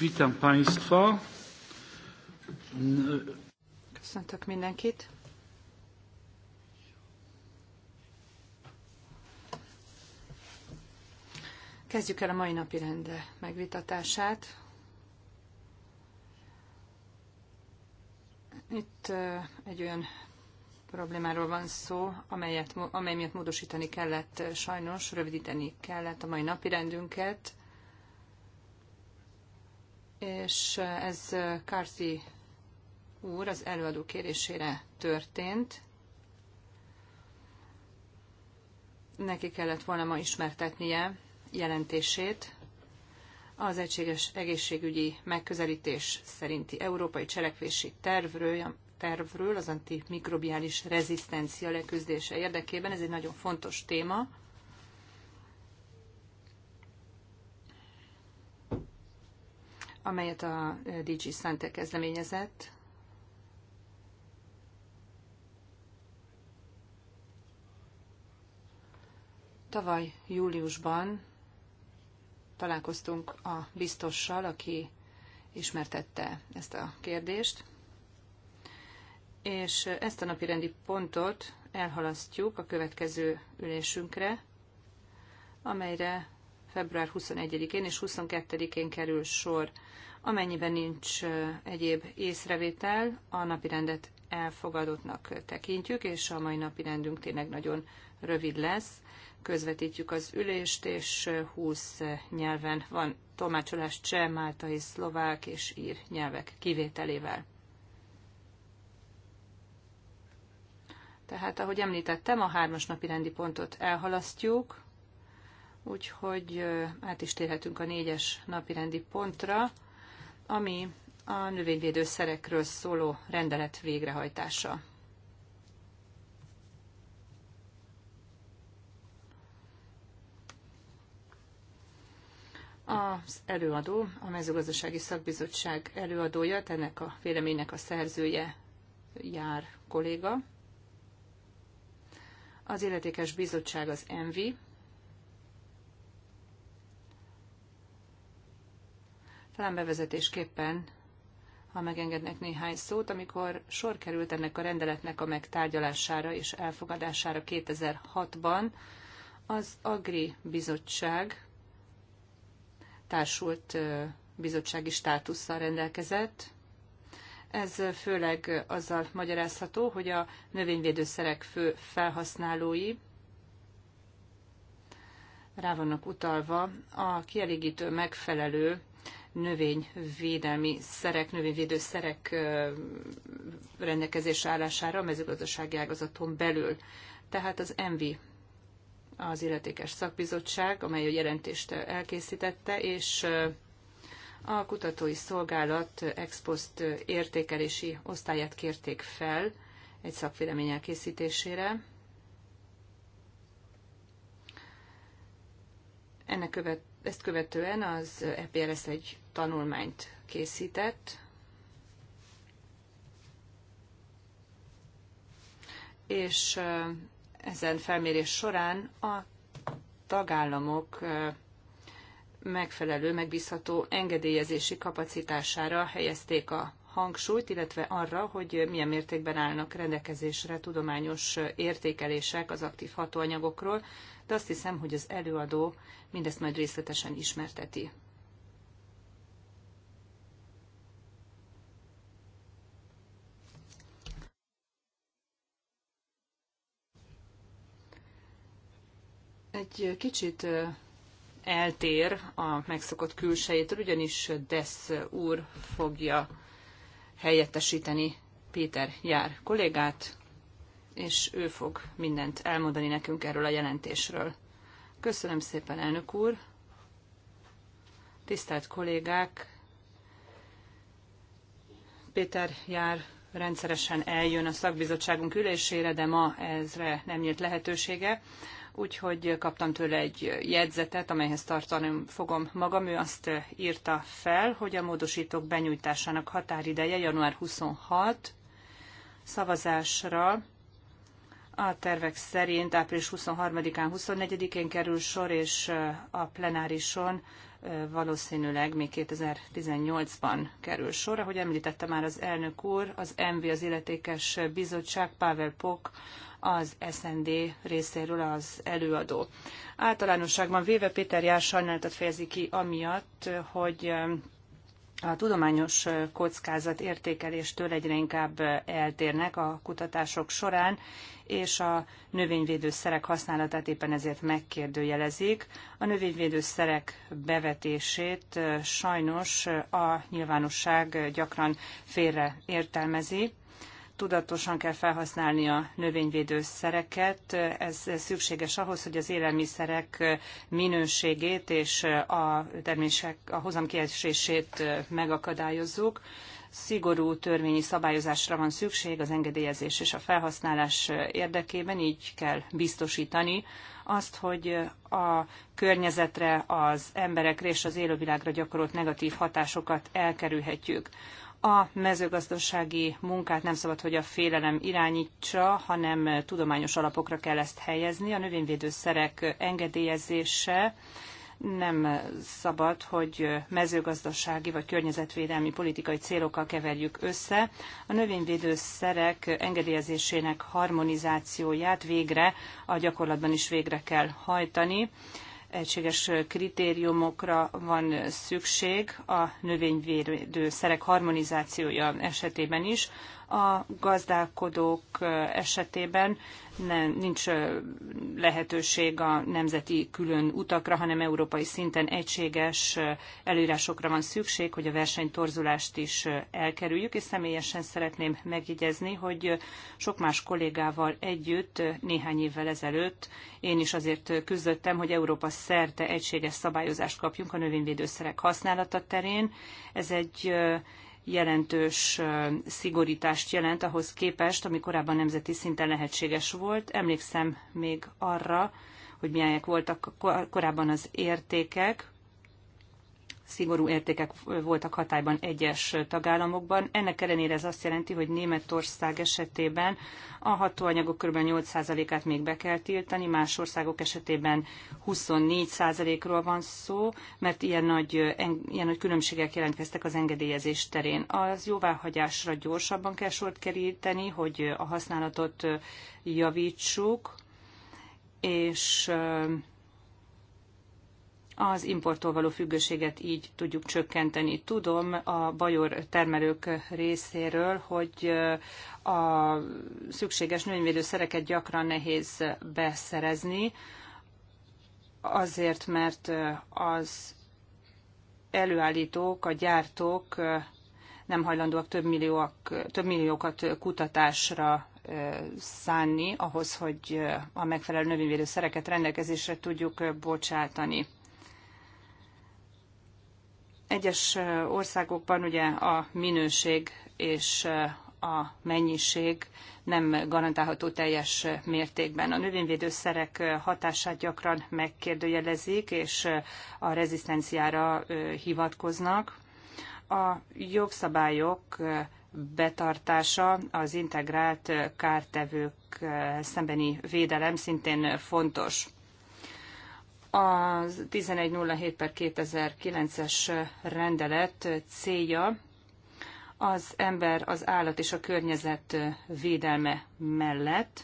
Witam Państwa. Köszöntök mindenkit. Kezdjük el a mai napi rende megvitatását. Itt egy olyan problémáról van szó, amelyet, amely miatt módosítani kellett sajnos, rövidíteni kellett a mai napi rendünket és ez Kárci úr az előadó kérésére történt. Neki kellett volna ma ismertetnie jelentését az egységes egészségügyi megközelítés szerinti európai cselekvési tervről, tervről az antimikrobiális rezisztencia leküzdése érdekében. Ez egy nagyon fontos téma. amelyet a DG Sante kezdeményezett. Tavaly júliusban találkoztunk a biztossal, aki ismertette ezt a kérdést, és ezt a napirendi pontot elhalasztjuk a következő ülésünkre, amelyre február 21-én és 22-én kerül sor. Amennyiben nincs egyéb észrevétel, a napirendet elfogadottnak tekintjük, és a mai napirendünk tényleg nagyon rövid lesz. Közvetítjük az ülést, és 20 nyelven van tolmácsolás cseh, máltai, szlovák és ír nyelvek kivételével. Tehát, ahogy említettem, a hármas napi rendi pontot elhalasztjuk, úgyhogy át is térhetünk a négyes napirendi pontra, ami a növényvédőszerekről szóló rendelet végrehajtása. Az előadó, a mezőgazdasági szakbizottság előadója, ennek a véleménynek a szerzője jár kolléga. Az illetékes bizottság az ENVI, Talán bevezetésképpen, ha megengednek néhány szót, amikor sor került ennek a rendeletnek a megtárgyalására és elfogadására 2006-ban, az Agri Bizottság társult bizottsági státusszal rendelkezett. Ez főleg azzal magyarázható, hogy a növényvédőszerek fő felhasználói rá vannak utalva a kielégítő megfelelő növényvédelmi szerek, növényvédő szerek rendelkezés állására a mezőgazdasági ágazaton belül. Tehát az MV az illetékes szakbizottság, amely a jelentést elkészítette, és a kutatói szolgálat expost értékelési osztályát kérték fel egy szakvélemény elkészítésére. Ennek követ, ezt követően az EPRS egy tanulmányt készített, és ezen felmérés során a tagállamok megfelelő, megbízható engedélyezési kapacitására helyezték a hangsúlyt, illetve arra, hogy milyen mértékben állnak rendelkezésre tudományos értékelések az aktív hatóanyagokról, de azt hiszem, hogy az előadó mindezt majd részletesen ismerteti. Egy kicsit eltér a megszokott külsejétől, ugyanis Desz úr fogja helyettesíteni Péter Jár kollégát, és ő fog mindent elmondani nekünk erről a jelentésről. Köszönöm szépen, elnök úr! Tisztelt kollégák! Péter Jár rendszeresen eljön a szakbizottságunk ülésére, de ma ezre nem nyílt lehetősége úgyhogy kaptam tőle egy jegyzetet, amelyhez tartanom fogom magam. Ő azt írta fel, hogy a módosítók benyújtásának határideje január 26 szavazásra a tervek szerint április 23-án, 24-én kerül sor, és uh, a plenárison uh, valószínűleg még 2018-ban kerül sor. Ahogy említette már az elnök úr, az MV az illetékes bizottság Pavel Pok az SND részéről az előadó. Általánosságban véve Péter Jár sajnálatot fejezi ki amiatt, hogy um, a tudományos uh, kockázat értékeléstől egyre inkább uh, eltérnek a kutatások során, és a növényvédőszerek használatát éppen ezért megkérdőjelezik. A növényvédőszerek bevetését uh, sajnos a nyilvánosság gyakran félre értelmezi, tudatosan kell felhasználni a növényvédőszereket. Ez szükséges ahhoz, hogy az élelmiszerek minőségét és a termések a hozamkiesését megakadályozzuk. Szigorú törvényi szabályozásra van szükség az engedélyezés és a felhasználás érdekében, így kell biztosítani azt, hogy a környezetre, az emberekre és az élővilágra gyakorolt negatív hatásokat elkerülhetjük. A mezőgazdasági munkát nem szabad, hogy a félelem irányítsa, hanem tudományos alapokra kell ezt helyezni. A növényvédőszerek engedélyezése nem szabad, hogy mezőgazdasági vagy környezetvédelmi politikai célokkal keverjük össze. A növényvédőszerek engedélyezésének harmonizációját végre a gyakorlatban is végre kell hajtani egységes kritériumokra van szükség a növényvédő szerek harmonizációja esetében is, a gazdálkodók esetében nem, nincs lehetőség a nemzeti külön utakra, hanem európai szinten egységes előírásokra van szükség, hogy a versenytorzulást is elkerüljük, és személyesen szeretném megjegyezni, hogy sok más kollégával együtt néhány évvel ezelőtt én is azért küzdöttem, hogy Európa szerte egységes szabályozást kapjunk a növényvédőszerek használata terén. Ez egy jelentős szigorítást jelent ahhoz képest, ami korábban nemzeti szinten lehetséges volt. Emlékszem még arra, hogy milyenek voltak korábban az értékek, szigorú értékek voltak hatályban egyes tagállamokban. Ennek ellenére ez azt jelenti, hogy Németország esetében a hatóanyagok kb. 8%-át még be kell tiltani, más országok esetében 24%-ról van szó, mert ilyen nagy, ilyen nagy különbségek jelentkeztek az engedélyezés terén. Az jóváhagyásra gyorsabban kell sort keríteni, hogy a használatot javítsuk, és az importtól való függőséget így tudjuk csökkenteni. Tudom a bajor termelők részéről, hogy a szükséges növényvédőszereket gyakran nehéz beszerezni, azért, mert az előállítók, a gyártók nem hajlandóak több, millióak, több milliókat kutatásra szánni ahhoz, hogy a megfelelő növényvédőszereket rendelkezésre tudjuk bocsátani. Egyes országokban ugye a minőség és a mennyiség nem garantálható teljes mértékben. A növényvédőszerek hatását gyakran megkérdőjelezik, és a rezisztenciára hivatkoznak. A jogszabályok betartása, az integrált kártevők szembeni védelem szintén fontos. A 1107 per 2009-es rendelet célja az ember, az állat és a környezet védelme mellett.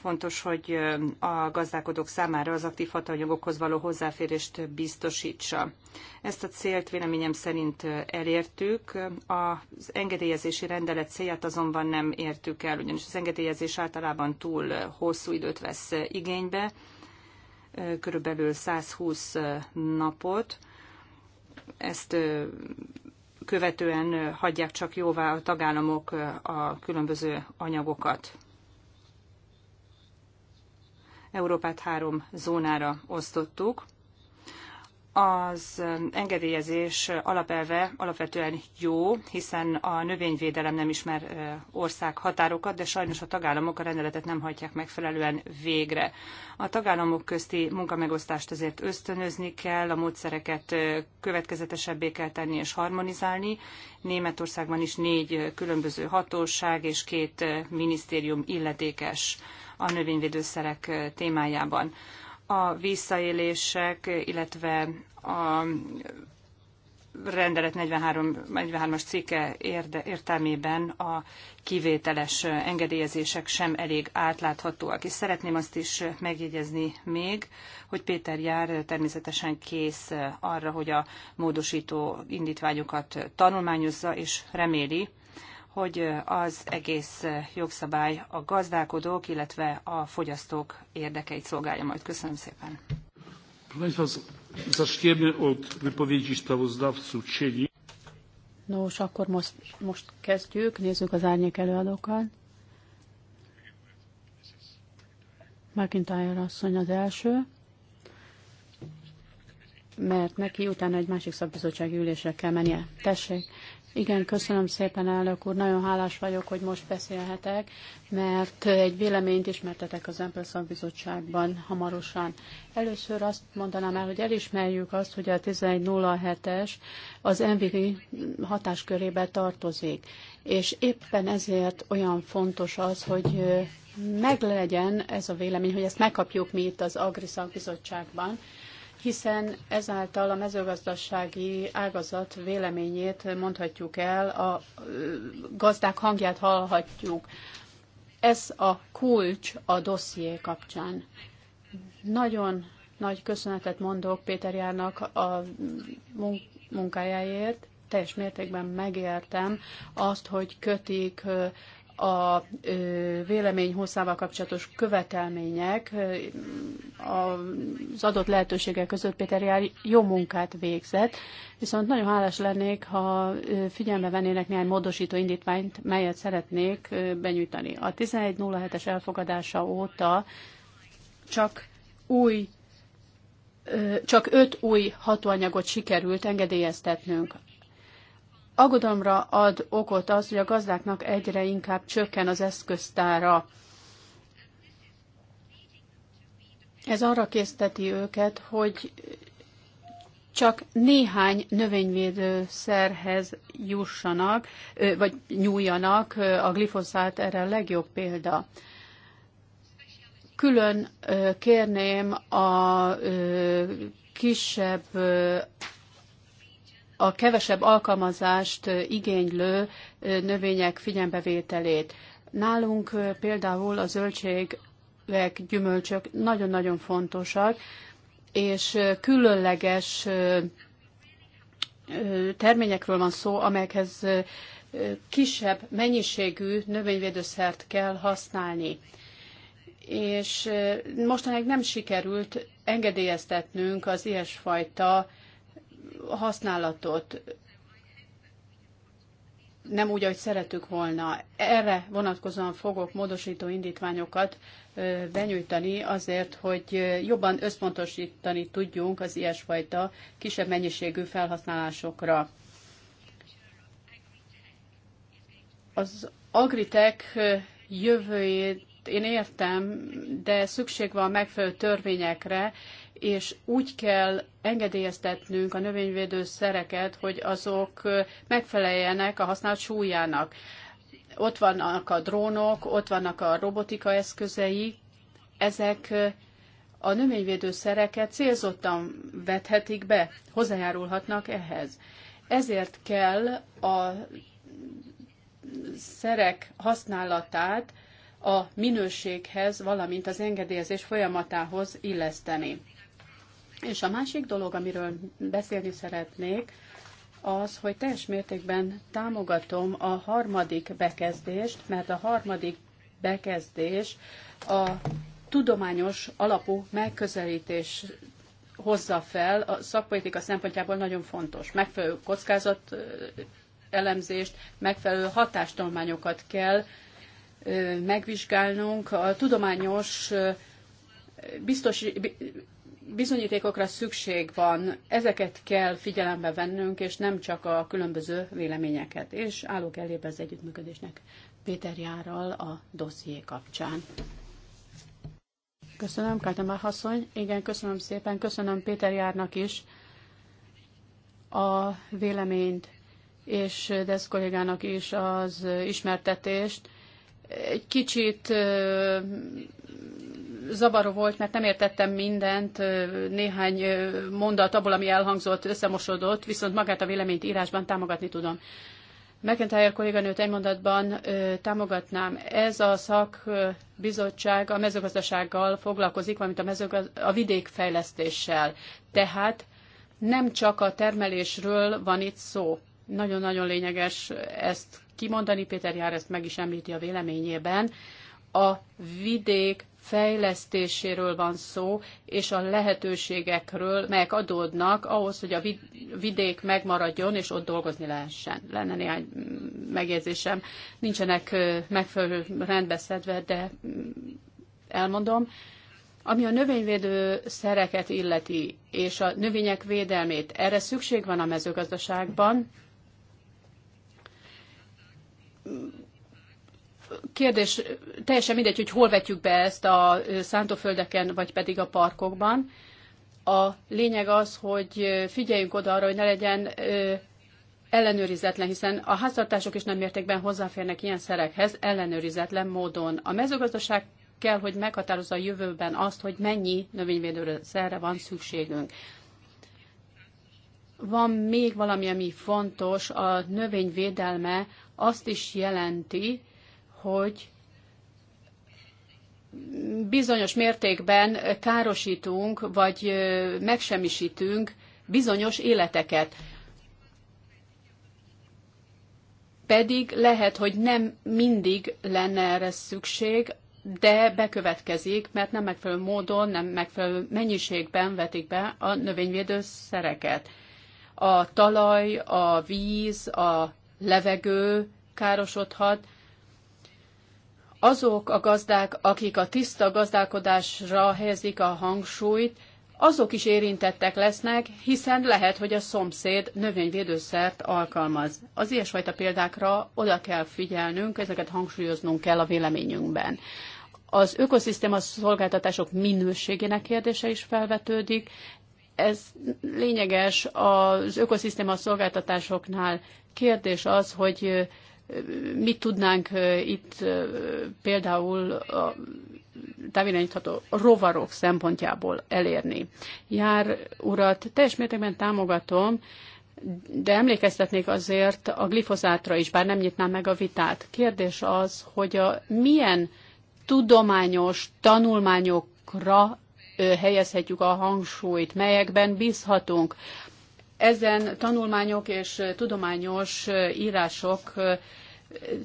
Fontos, hogy a gazdálkodók számára az aktív hatalmjogokhoz való hozzáférést biztosítsa. Ezt a célt véleményem szerint elértük. Az engedélyezési rendelet célját azonban nem értük el, ugyanis az engedélyezés általában túl hosszú időt vesz igénybe, körülbelül 120 napot. Ezt követően hagyják csak jóvá a tagállamok a különböző anyagokat. Európát három zónára osztottuk az engedélyezés alapelve alapvetően jó, hiszen a növényvédelem nem ismer országhatárokat, de sajnos a tagállamok a rendeletet nem hajtják megfelelően végre. A tagállamok közti munkamegosztást azért ösztönözni kell, a módszereket következetesebbé kell tenni és harmonizálni. Németországban is négy különböző hatóság és két minisztérium illetékes a növényvédőszerek témájában a visszaélések, illetve a rendelet 43, 43-as cikke érde, értelmében a kivételes engedélyezések sem elég átláthatóak. És szeretném azt is megjegyezni még, hogy Péter Jár természetesen kész arra, hogy a módosító indítványokat tanulmányozza, és reméli, hogy az egész jogszabály a gazdálkodók, illetve a fogyasztók érdekeit szolgálja majd. Köszönöm szépen. Nos, akkor most, most kezdjük, nézzük az árnyék előadókat. McIntyre asszony az első, mert neki utána egy másik szakbizottsági ülésre kell mennie. Tessék! Igen, köszönöm szépen, elnök úr. Nagyon hálás vagyok, hogy most beszélhetek, mert egy véleményt ismertetek az Empel Szakbizottságban hamarosan. Először azt mondanám el, hogy elismerjük azt, hogy a 1107-es az MVI hatáskörébe tartozik, és éppen ezért olyan fontos az, hogy meglegyen ez a vélemény, hogy ezt megkapjuk mi itt az Agri Szakbizottságban, hiszen ezáltal a mezőgazdasági ágazat véleményét mondhatjuk el, a gazdák hangját hallhatjuk. Ez a kulcs a dosszié kapcsán. Nagyon nagy köszönetet mondok Péter Járnak a munkájáért, teljes mértékben megértem azt, hogy kötik a vélemény hosszával kapcsolatos követelmények az adott lehetőségek között Péter Jár jó munkát végzett, viszont nagyon hálás lennék, ha figyelme vennének néhány módosító indítványt, melyet szeretnék benyújtani. A 11.07-es elfogadása óta csak új csak öt új hatóanyagot sikerült engedélyeztetnünk. Aggodalomra ad okot az, hogy a gazdáknak egyre inkább csökken az eszköztára. Ez arra készteti őket, hogy csak néhány növényvédőszerhez jussanak, vagy nyúljanak, a glifoszát erre a legjobb példa. Külön kérném a kisebb a kevesebb alkalmazást igénylő növények figyelmbevételét. Nálunk például a zöldségek, gyümölcsök nagyon-nagyon fontosak, és különleges terményekről van szó, amelyekhez kisebb mennyiségű növényvédőszert kell használni. És mostanáig nem sikerült engedélyeztetnünk az ilyesfajta használatot nem úgy, ahogy szeretük volna. Erre vonatkozóan fogok módosító indítványokat benyújtani azért, hogy jobban összpontosítani tudjunk az ilyesfajta kisebb mennyiségű felhasználásokra. Az agritek jövőjét én értem, de szükség van megfelelő törvényekre és úgy kell engedélyeztetnünk a növényvédő szereket, hogy azok megfeleljenek a használt súlyának. Ott vannak a drónok, ott vannak a robotika eszközei, ezek a növényvédő szereket célzottan vethetik be, hozzájárulhatnak ehhez. Ezért kell a szerek használatát a minőséghez, valamint az engedélyezés folyamatához illeszteni. És a másik dolog, amiről beszélni szeretnék, az, hogy teljes mértékben támogatom a harmadik bekezdést, mert a harmadik bekezdés a tudományos alapú megközelítés hozza fel, a szakpolitika szempontjából nagyon fontos. Megfelelő kockázat elemzést, megfelelő hatástolmányokat kell megvizsgálnunk. A tudományos biztos, bizonyítékokra szükség van, ezeket kell figyelembe vennünk, és nem csak a különböző véleményeket. És állok elébe az együttműködésnek Péter Járral a dosszié kapcsán. Köszönöm, Kátemár asszony. Igen, köszönöm szépen. Köszönöm Péter Járnak is a véleményt, és Desz kollégának is az ismertetést. Egy kicsit zavaró volt, mert nem értettem mindent, néhány mondat abból, ami elhangzott, összemosodott, viszont magát a véleményt írásban támogatni tudom. McIntyre kolléganőt egy mondatban ö, támogatnám. Ez a szakbizottság a mezőgazdasággal foglalkozik, valamint a, mezőgaz- a vidékfejlesztéssel. Tehát nem csak a termelésről van itt szó. Nagyon-nagyon lényeges ezt kimondani, Péter Jár ezt meg is említi a véleményében. A vidék fejlesztéséről van szó, és a lehetőségekről, melyek adódnak ahhoz, hogy a vidék megmaradjon, és ott dolgozni lehessen. Lenne néhány mm, megjegyzésem. Nincsenek megfelelő rendbeszedve, de mm, elmondom. Ami a növényvédő szereket illeti, és a növények védelmét, erre szükség van a mezőgazdaságban kérdés, teljesen mindegy, hogy hol vetjük be ezt a szántóföldeken, vagy pedig a parkokban. A lényeg az, hogy figyeljünk oda arra, hogy ne legyen ellenőrizetlen, hiszen a háztartások is nem mértékben hozzáférnek ilyen szerekhez ellenőrizetlen módon. A mezőgazdaság kell, hogy meghatározza a jövőben azt, hogy mennyi szerre van szükségünk. Van még valami, ami fontos, a növényvédelme azt is jelenti, hogy bizonyos mértékben károsítunk, vagy megsemmisítünk bizonyos életeket. Pedig lehet, hogy nem mindig lenne erre szükség, de bekövetkezik, mert nem megfelelő módon, nem megfelelő mennyiségben vetik be a szereket, A talaj, a víz, a levegő károsodhat, azok a gazdák, akik a tiszta gazdálkodásra helyezik a hangsúlyt, azok is érintettek lesznek, hiszen lehet, hogy a szomszéd növényvédőszert alkalmaz. Az ilyesfajta példákra oda kell figyelnünk, ezeket hangsúlyoznunk kell a véleményünkben. Az ökoszisztéma szolgáltatások minőségének kérdése is felvetődik. Ez lényeges az ökoszisztéma szolgáltatásoknál. Kérdés az, hogy mit tudnánk itt például a távirányítható rovarok szempontjából elérni. Jár urat teljes mértékben támogatom, de emlékeztetnék azért a glifozátra is, bár nem nyitnám meg a vitát. Kérdés az, hogy a milyen tudományos tanulmányokra helyezhetjük a hangsúlyt, melyekben bízhatunk ezen tanulmányok és tudományos írások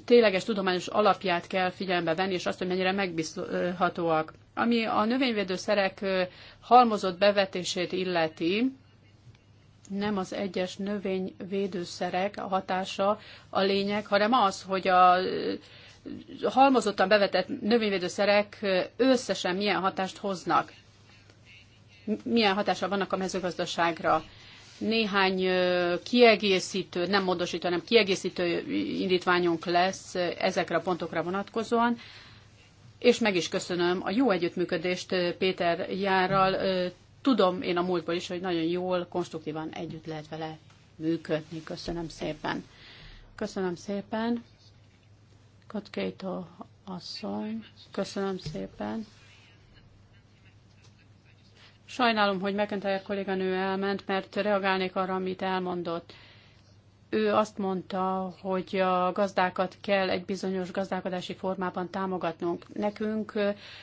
tényleges tudományos alapját kell figyelembe venni, és azt, hogy mennyire megbízhatóak. Ami a növényvédőszerek halmozott bevetését illeti, nem az egyes növényvédőszerek a hatása a lényeg, hanem az, hogy a halmozottan bevetett növényvédőszerek összesen milyen hatást hoznak, milyen hatása vannak a mezőgazdaságra néhány kiegészítő, nem módosító, hanem kiegészítő indítványunk lesz ezekre a pontokra vonatkozóan, és meg is köszönöm a jó együttműködést Péter Járral. Tudom én a múltból is, hogy nagyon jól, konstruktívan együtt lehet vele működni. Köszönöm szépen. Köszönöm szépen. Katkeito asszony, köszönöm szépen. Sajnálom, hogy McIntyre kolléganő elment, mert reagálnék arra, amit elmondott. Ő azt mondta, hogy a gazdákat kell egy bizonyos gazdálkodási formában támogatnunk. Nekünk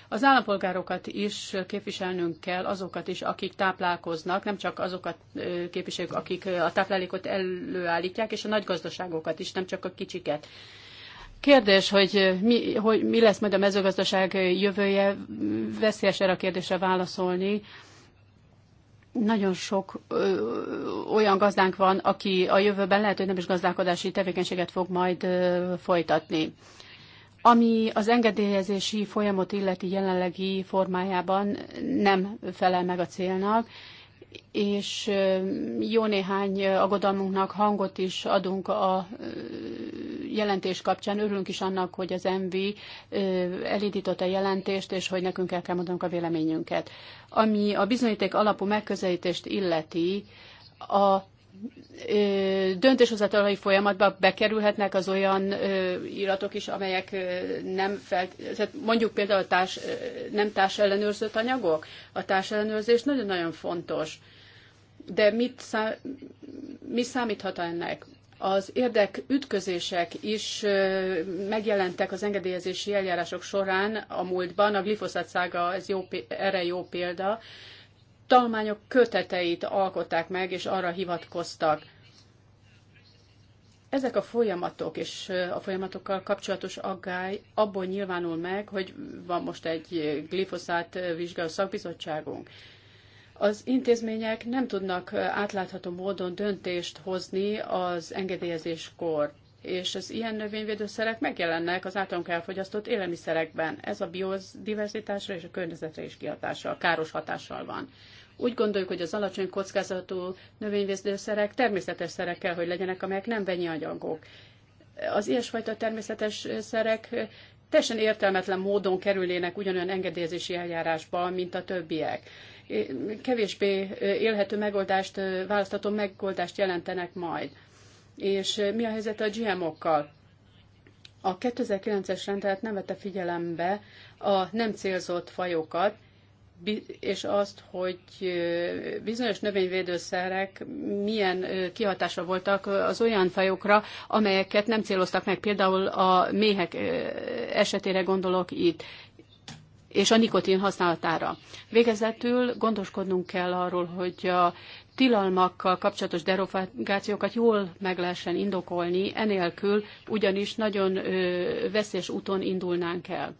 az állampolgárokat is képviselnünk kell, azokat is, akik táplálkoznak, nem csak azokat képviseljük, akik a táplálékot előállítják, és a nagy gazdaságokat is, nem csak a kicsiket. Kérdés, hogy mi, hogy mi lesz majd a mezőgazdaság jövője, veszélyes erre a kérdésre válaszolni nagyon sok ö, olyan gazdánk van, aki a jövőben lehet, hogy nem is gazdálkodási tevékenységet fog majd ö, folytatni. Ami az engedélyezési folyamat illeti jelenlegi formájában nem felel meg a célnak, és jó néhány aggodalmunknak hangot is adunk a jelentés kapcsán örülünk is annak, hogy az MV elindította a jelentést, és hogy nekünk el kell mondanunk a véleményünket. Ami a bizonyíték alapú megközelítést illeti, a döntéshozatalai folyamatba bekerülhetnek az olyan iratok is, amelyek nem fel, tehát mondjuk például a társ, nem társellenőrzött anyagok. A társellenőrzés nagyon-nagyon fontos. De mit szá, mi számíthat ennek? Az érdek ütközések is megjelentek az engedélyezési eljárások során a múltban, a glifoszát szága ez jó, erre jó példa. Talmányok köteteit alkották meg, és arra hivatkoztak. Ezek a folyamatok és a folyamatokkal kapcsolatos aggály abból nyilvánul meg, hogy van most egy glifoszát vizsgáló szakbizottságunk az intézmények nem tudnak átlátható módon döntést hozni az engedélyezéskor, és az ilyen növényvédőszerek megjelennek az általunk elfogyasztott élelmiszerekben. Ez a biodiverzitásra és a környezetre is kihatással, káros hatással van. Úgy gondoljuk, hogy az alacsony kockázatú növényvédőszerek természetes szerek kell, hogy legyenek, amelyek nem vegyi anyagok. Az ilyesfajta természetes szerek teljesen értelmetlen módon kerülének ugyanolyan engedélyezési eljárásba, mint a többiek kevésbé élhető megoldást, választató megoldást jelentenek majd. És mi a helyzet a GMO-kkal? A 2009-es rendelet nem vette figyelembe a nem célzott fajokat, és azt, hogy bizonyos növényvédőszerek milyen kihatása voltak az olyan fajokra, amelyeket nem céloztak meg, például a méhek esetére gondolok itt és a nikotin használatára. Végezetül gondoskodnunk kell arról, hogy a tilalmakkal kapcsolatos derogációkat jól meg lehessen indokolni, enélkül ugyanis nagyon veszélyes úton indulnánk el.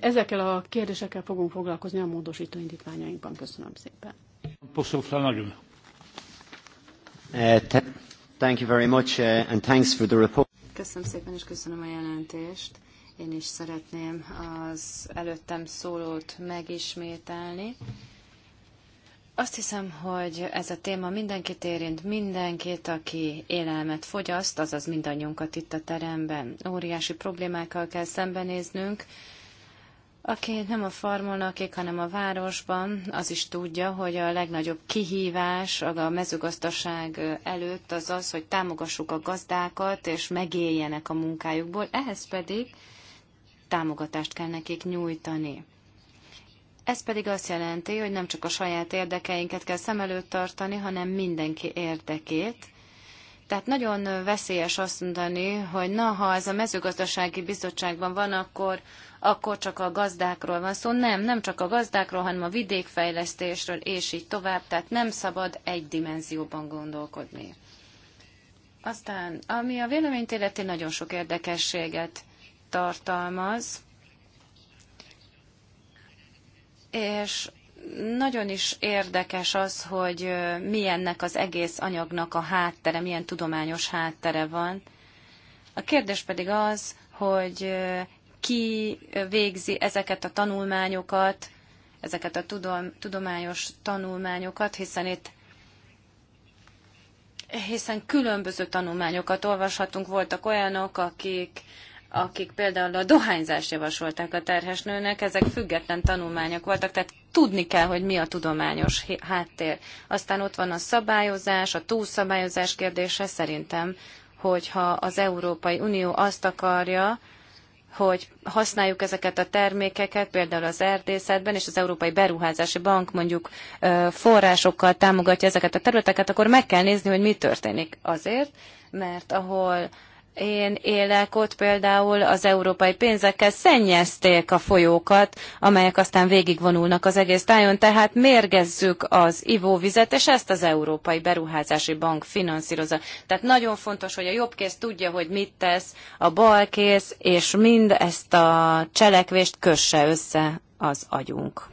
Ezekkel a kérdésekkel fogunk foglalkozni a módosító indítványainkban. Köszönöm szépen. Uh, uh, köszönöm szépen, és köszönöm a jelentést. Én is szeretném az előttem szólót megismételni. Azt hiszem, hogy ez a téma mindenkit érint, mindenkit, aki élelmet fogyaszt, azaz mindannyiunkat itt a teremben. Óriási problémákkal kell szembenéznünk. Aki nem a farmon lakik, hanem a városban, az is tudja, hogy a legnagyobb kihívás a mezőgazdaság előtt az az, hogy támogassuk a gazdákat, és megéljenek a munkájukból. Ehhez pedig támogatást kell nekik nyújtani. Ez pedig azt jelenti, hogy nem csak a saját érdekeinket kell szem előtt tartani, hanem mindenki érdekét. Tehát nagyon veszélyes azt mondani, hogy na, ha ez a mezőgazdasági bizottságban van, akkor, akkor csak a gazdákról van szó. Szóval nem, nem csak a gazdákról, hanem a vidékfejlesztésről, és így tovább. Tehát nem szabad egy dimenzióban gondolkodni. Aztán, ami a véleményt illeti, nagyon sok érdekességet tartalmaz, és nagyon is érdekes az, hogy milyennek az egész anyagnak a háttere, milyen tudományos háttere van. A kérdés pedig az, hogy ki végzi ezeket a tanulmányokat, ezeket a tudom, tudományos tanulmányokat, hiszen itt hiszen különböző tanulmányokat olvashatunk. Voltak olyanok, akik akik például a dohányzást javasolták a terhesnőnek, ezek független tanulmányok voltak, tehát tudni kell, hogy mi a tudományos háttér. Aztán ott van a szabályozás, a túlszabályozás kérdése szerintem, hogyha az Európai Unió azt akarja, hogy használjuk ezeket a termékeket, például az erdészetben, és az Európai Beruházási Bank mondjuk forrásokkal támogatja ezeket a területeket, akkor meg kell nézni, hogy mi történik azért, mert ahol én élek, ott például az európai pénzekkel szennyezték a folyókat, amelyek aztán végigvonulnak az egész tájon, tehát mérgezzük az ivóvizet, és ezt az Európai Beruházási Bank finanszírozza. Tehát nagyon fontos, hogy a jobb kész tudja, hogy mit tesz, a bal kész, és mind ezt a cselekvést kösse össze az agyunk.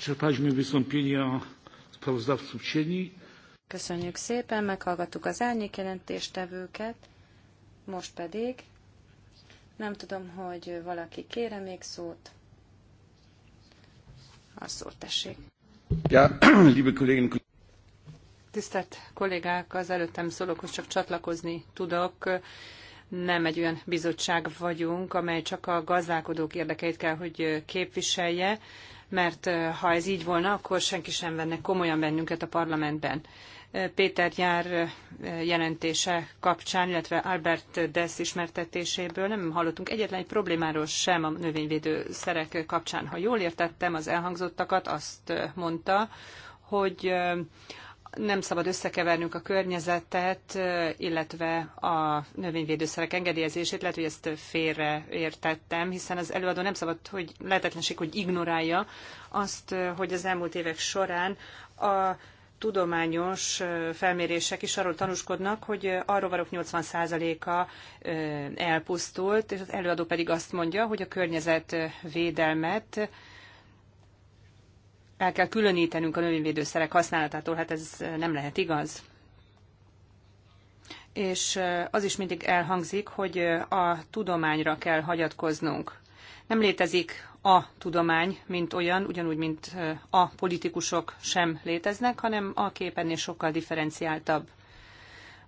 Wyczerpaliśmy wystąpienia sprawozdawców cieni. Köszönjük szépen, meghallgattuk az jelentéstevőket. most pedig nem tudom, hogy valaki kére még szót. A szót tessék. Ja, liebe Kolleginnen Tisztelt kollégák, az előttem szólókhoz csak csatlakozni tudok. Nem egy olyan bizottság vagyunk, amely csak a gazdálkodók érdekeit kell, hogy képviselje, mert ha ez így volna, akkor senki sem venne komolyan bennünket a parlamentben. Péter Jár jelentése kapcsán, illetve Albert Dess ismertetéséből nem hallottunk egyetlen egy problémáról sem a növényvédő szerek kapcsán. Ha jól értettem az elhangzottakat, azt mondta, hogy nem szabad összekevernünk a környezetet, illetve a növényvédőszerek engedélyezését. Lehet, hogy ezt félreértettem, hiszen az előadó nem szabad, hogy lehetetlenség, hogy ignorálja azt, hogy az elmúlt évek során a tudományos felmérések is arról tanúskodnak, hogy a rovarok 80%-a elpusztult, és az előadó pedig azt mondja, hogy a környezetvédelmet el kell különítenünk a növényvédőszerek használatától, hát ez nem lehet igaz. És az is mindig elhangzik, hogy a tudományra kell hagyatkoznunk. Nem létezik a tudomány, mint olyan, ugyanúgy, mint a politikusok sem léteznek, hanem a képen sokkal differenciáltabb.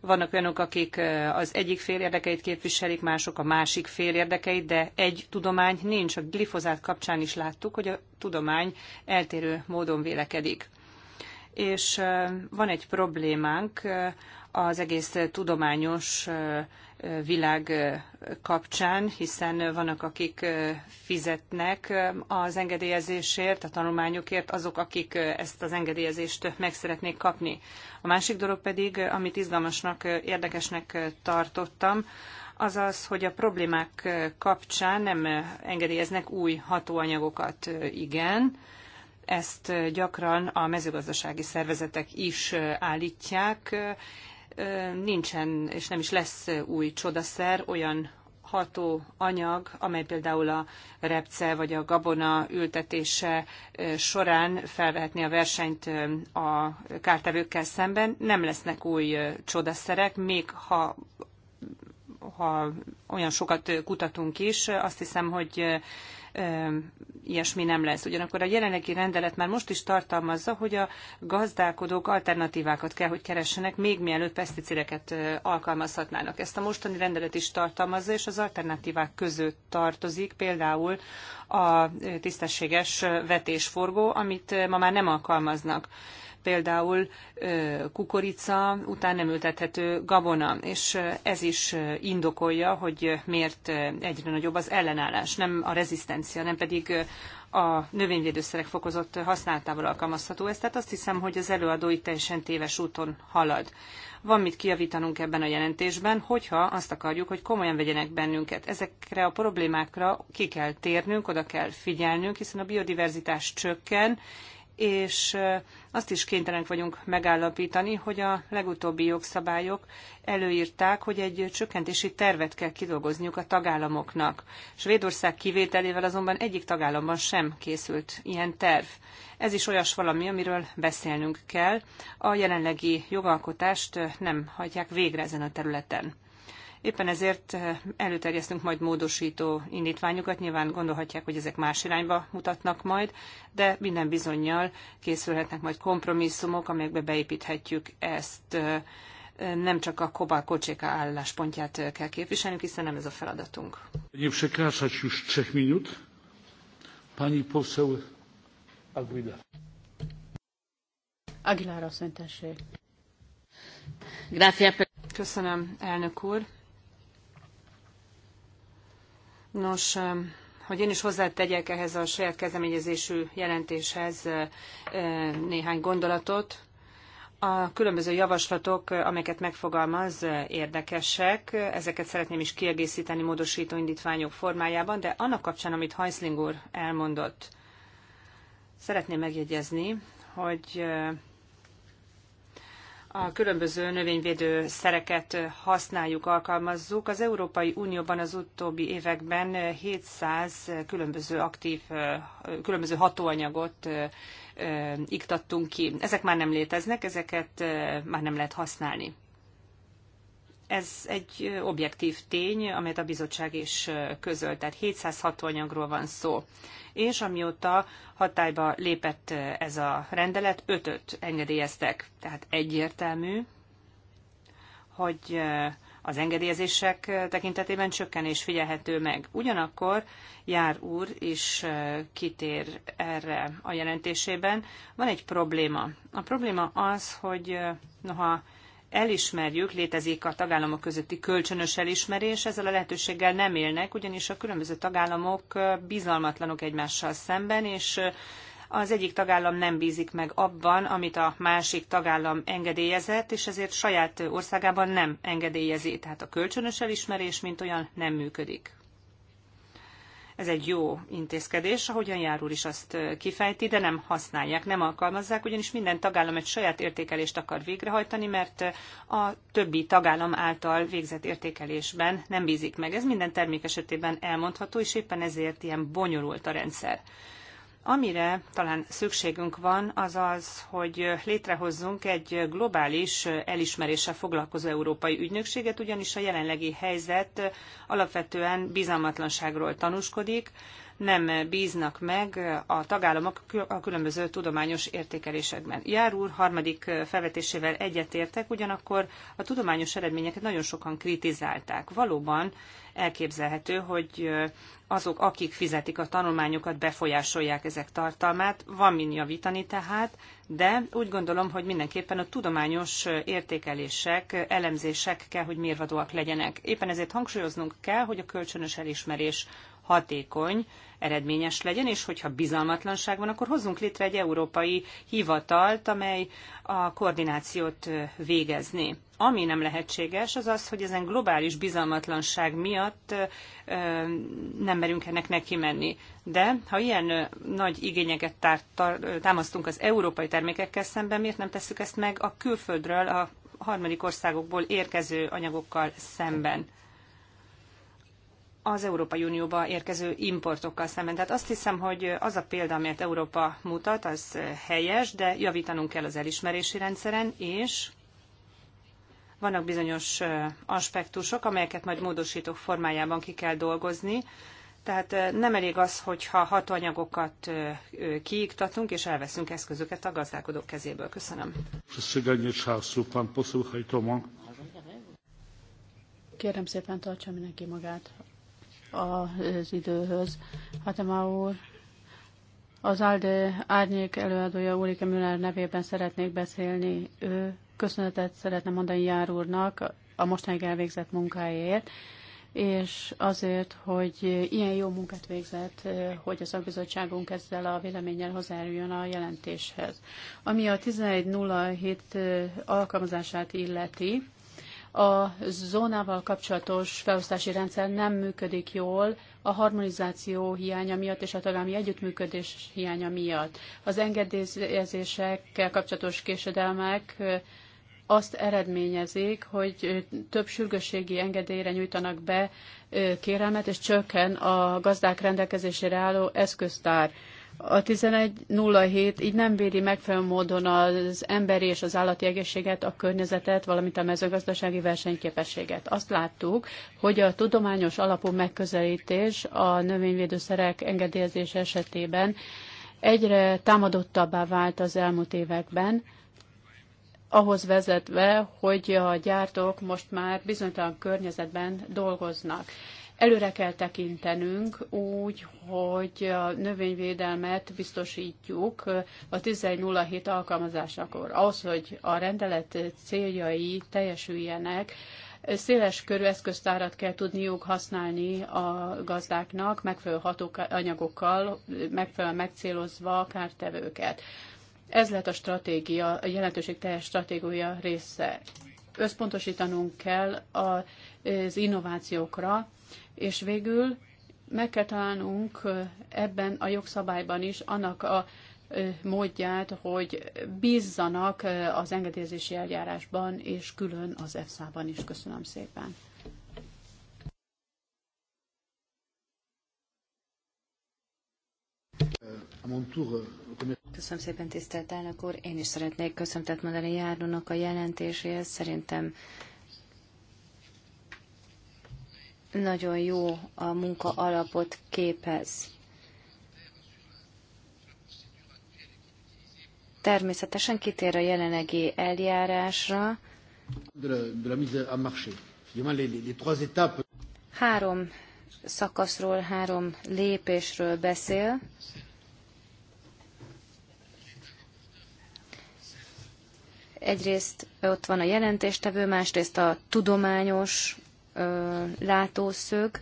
Vannak olyanok, akik az egyik fél érdekeit képviselik, mások a másik fél érdekeit, de egy tudomány nincs. A glifozát kapcsán is láttuk, hogy a tudomány eltérő módon vélekedik. És van egy problémánk, az egész tudományos világ kapcsán, hiszen vannak, akik fizetnek az engedélyezésért, a tanulmányokért, azok, akik ezt az engedélyezést meg szeretnék kapni. A másik dolog pedig, amit izgalmasnak, érdekesnek tartottam, az az, hogy a problémák kapcsán nem engedélyeznek új hatóanyagokat. Igen, ezt gyakran a mezőgazdasági szervezetek is állítják, nincsen és nem is lesz új csodaszer, olyan ható anyag, amely például a repce vagy a gabona ültetése során felvehetné a versenyt a kártevőkkel szemben. Nem lesznek új csodaszerek, még ha ha olyan sokat kutatunk is, azt hiszem, hogy ilyesmi nem lesz. Ugyanakkor a jelenlegi rendelet már most is tartalmazza, hogy a gazdálkodók alternatívákat kell, hogy keressenek, még mielőtt peszticideket alkalmazhatnának. Ezt a mostani rendelet is tartalmazza, és az alternatívák között tartozik például a tisztességes vetésforgó, amit ma már nem alkalmaznak például kukorica, után nem ültethető gabona, és ez is indokolja, hogy miért egyre nagyobb az ellenállás, nem a rezisztencia, nem pedig a növényvédőszerek fokozott használatával alkalmazható ez, tehát azt hiszem, hogy az előadó itt teljesen téves úton halad. Van mit kiavítanunk ebben a jelentésben, hogyha azt akarjuk, hogy komolyan vegyenek bennünket. Ezekre a problémákra ki kell térnünk, oda kell figyelnünk, hiszen a biodiverzitás csökken, és azt is kénytelenek vagyunk megállapítani, hogy a legutóbbi jogszabályok előírták, hogy egy csökkentési tervet kell kidolgozniuk a tagállamoknak. Svédország kivételével azonban egyik tagállamban sem készült ilyen terv. Ez is olyas valami, amiről beszélnünk kell. A jelenlegi jogalkotást nem hagyják végre ezen a területen. Éppen ezért eh, előterjesztünk majd módosító indítványokat, nyilván gondolhatják, hogy ezek más irányba mutatnak majd, de minden bizonyal készülhetnek majd kompromisszumok, amelyekbe beépíthetjük ezt eh, nem csak a Kobal Kocséka álláspontját eh, kell képviselnünk, hiszen nem ez a feladatunk. Nie przekraczać już minut. Pani poseł Aguilar. Aguilar Köszönöm, elnök úr. Nos, hogy én is hozzátegyek ehhez a saját kezdeményezésű jelentéshez néhány gondolatot. A különböző javaslatok, amelyeket megfogalmaz, érdekesek. Ezeket szeretném is kiegészíteni módosító indítványok formájában, de annak kapcsán, amit Heisling úr elmondott, szeretném megjegyezni, hogy a különböző növényvédő szereket használjuk, alkalmazzuk. Az Európai Unióban az utóbbi években 700 különböző aktív, különböző hatóanyagot iktattunk ki. Ezek már nem léteznek, ezeket már nem lehet használni. Ez egy objektív tény, amelyet a bizottság is közölt, tehát 760 anyagról van szó. És amióta hatályba lépett ez a rendelet, ötöt engedélyeztek. Tehát egyértelmű, hogy az engedélyezések tekintetében csökkenés figyelhető meg. Ugyanakkor Jár úr is kitér erre a jelentésében. Van egy probléma. A probléma az, hogy noha elismerjük, létezik a tagállamok közötti kölcsönös elismerés, ezzel a lehetőséggel nem élnek, ugyanis a különböző tagállamok bizalmatlanok egymással szemben, és az egyik tagállam nem bízik meg abban, amit a másik tagállam engedélyezett, és ezért saját országában nem engedélyezi. Tehát a kölcsönös elismerés, mint olyan, nem működik. Ez egy jó intézkedés, ahogyan Jár úr is azt kifejti, de nem használják, nem alkalmazzák, ugyanis minden tagállam egy saját értékelést akar végrehajtani, mert a többi tagállam által végzett értékelésben nem bízik meg. Ez minden termék esetében elmondható, és éppen ezért ilyen bonyolult a rendszer. Amire talán szükségünk van, az az, hogy létrehozzunk egy globális elismeréssel foglalkozó európai ügynökséget, ugyanis a jelenlegi helyzet alapvetően bizalmatlanságról tanúskodik, nem bíznak meg a tagállamok a különböző tudományos értékelésekben. Jár úr harmadik felvetésével egyetértek, ugyanakkor a tudományos eredményeket nagyon sokan kritizálták. Valóban elképzelhető, hogy azok, akik fizetik a tanulmányokat, befolyásolják ezek tartalmát. Van min javítani tehát, de úgy gondolom, hogy mindenképpen a tudományos értékelések, elemzések kell, hogy mérvadóak legyenek. Éppen ezért hangsúlyoznunk kell, hogy a kölcsönös elismerés hatékony, eredményes legyen, és hogyha bizalmatlanság van, akkor hozzunk létre egy európai hivatalt, amely a koordinációt végezni. Ami nem lehetséges, az az, hogy ezen globális bizalmatlanság miatt nem merünk ennek neki menni. De ha ilyen nagy igényeket tar támasztunk az európai termékekkel szemben, miért nem tesszük ezt meg a külföldről, a harmadik országokból érkező anyagokkal szemben? az Európai Unióba érkező importokkal szemben. Tehát azt hiszem, hogy az a példa, amelyet Európa mutat, az helyes, de javítanunk kell az elismerési rendszeren, és vannak bizonyos aspektusok, amelyeket majd módosítók formájában ki kell dolgozni. Tehát nem elég az, hogyha hatóanyagokat kiiktatunk és elveszünk eszközöket a gazdálkodók kezéből. Köszönöm. Kérem szépen, tartsa mindenki magát az időhöz. Hatema úr, az ALDE árnyék előadója Ulrike Müller nevében szeretnék beszélni. Ő köszönetet szeretne mondani Jár úrnak a mostani elvégzett munkáért, és azért, hogy ilyen jó munkát végzett, hogy a szakbizottságunk ezzel a véleménnyel hozzájárjon a jelentéshez. Ami a 1107 alkalmazását illeti, a zónával kapcsolatos felosztási rendszer nem működik jól a harmonizáció hiánya miatt és a tagállami együttműködés hiánya miatt. Az engedélyezésekkel kapcsolatos késedelmek azt eredményezik, hogy több sürgősségi engedélyre nyújtanak be kérelmet, és csökken a gazdák rendelkezésére álló eszköztár a 11.07 így nem védi megfelelő módon az emberi és az állati egészséget, a környezetet, valamint a mezőgazdasági versenyképességet. Azt láttuk, hogy a tudományos alapú megközelítés a növényvédőszerek engedélyezés esetében egyre támadottabbá vált az elmúlt években, ahhoz vezetve, hogy a gyártók most már bizonytalan környezetben dolgoznak. Előre kell tekintenünk úgy, hogy a növényvédelmet biztosítjuk a 1107 alkalmazásakor. Ahhoz, hogy a rendelet céljai teljesüljenek, széles körű eszköztárat kell tudniuk használni a gazdáknak megfelelő anyagokkal, megfelelően megcélozva a kártevőket. Ez lett a stratégia, a jelentőség teljes stratégia része. Összpontosítanunk kell az innovációkra, és végül meg kell találnunk ebben a jogszabályban is annak a módját, hogy bízzanak az engedélyezési eljárásban, és külön az EFSA-ban is. Köszönöm szépen. Köszönöm szépen, tisztelt elnök úr. Én is szeretnék köszöntet mondani járnónak a jelentéséhez. Szerintem nagyon jó a munka alapot képez. Természetesen kitér a jelenlegi eljárásra. Három szakaszról, három lépésről beszél. Egyrészt ott van a jelentéstevő, másrészt a tudományos ö, látószög,